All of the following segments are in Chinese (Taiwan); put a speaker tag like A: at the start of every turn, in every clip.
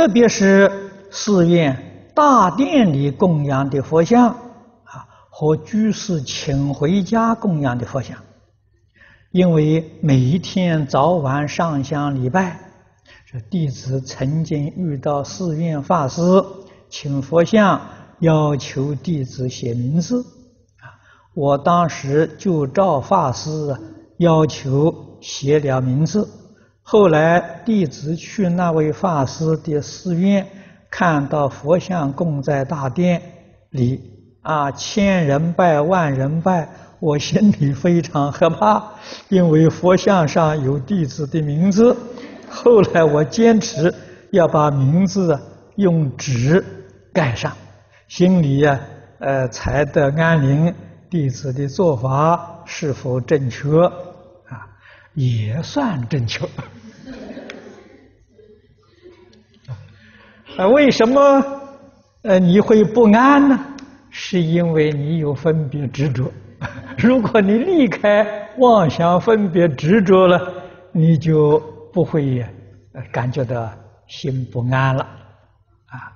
A: 特別是寺院大殿裡供養的佛像啊，和居士請回家供養的佛像，因為每一天早晚上香禮拜，這弟子曾經遇到寺院法師請佛像，要求弟子寫名字啊，我當時就照法師要求寫了名字。後來弟子去那位法師的寺院，看到佛像供在大殿裡，啊，千人拜，萬人拜，我心裡非常害怕，因為佛像上有弟子的名字。後來我堅持要把名字用紙蓋上，心裡呀，呃，才得安寧。弟子的做法是否正確？也算正確。啊，為什麼呃你會不安呢？是因為你有分別執着。如果你離開妄想、分別、執着了，你就不會感覺到心不安了。啊，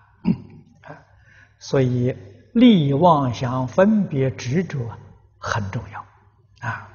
A: 所以離妄想、分別、執着很重要。啊。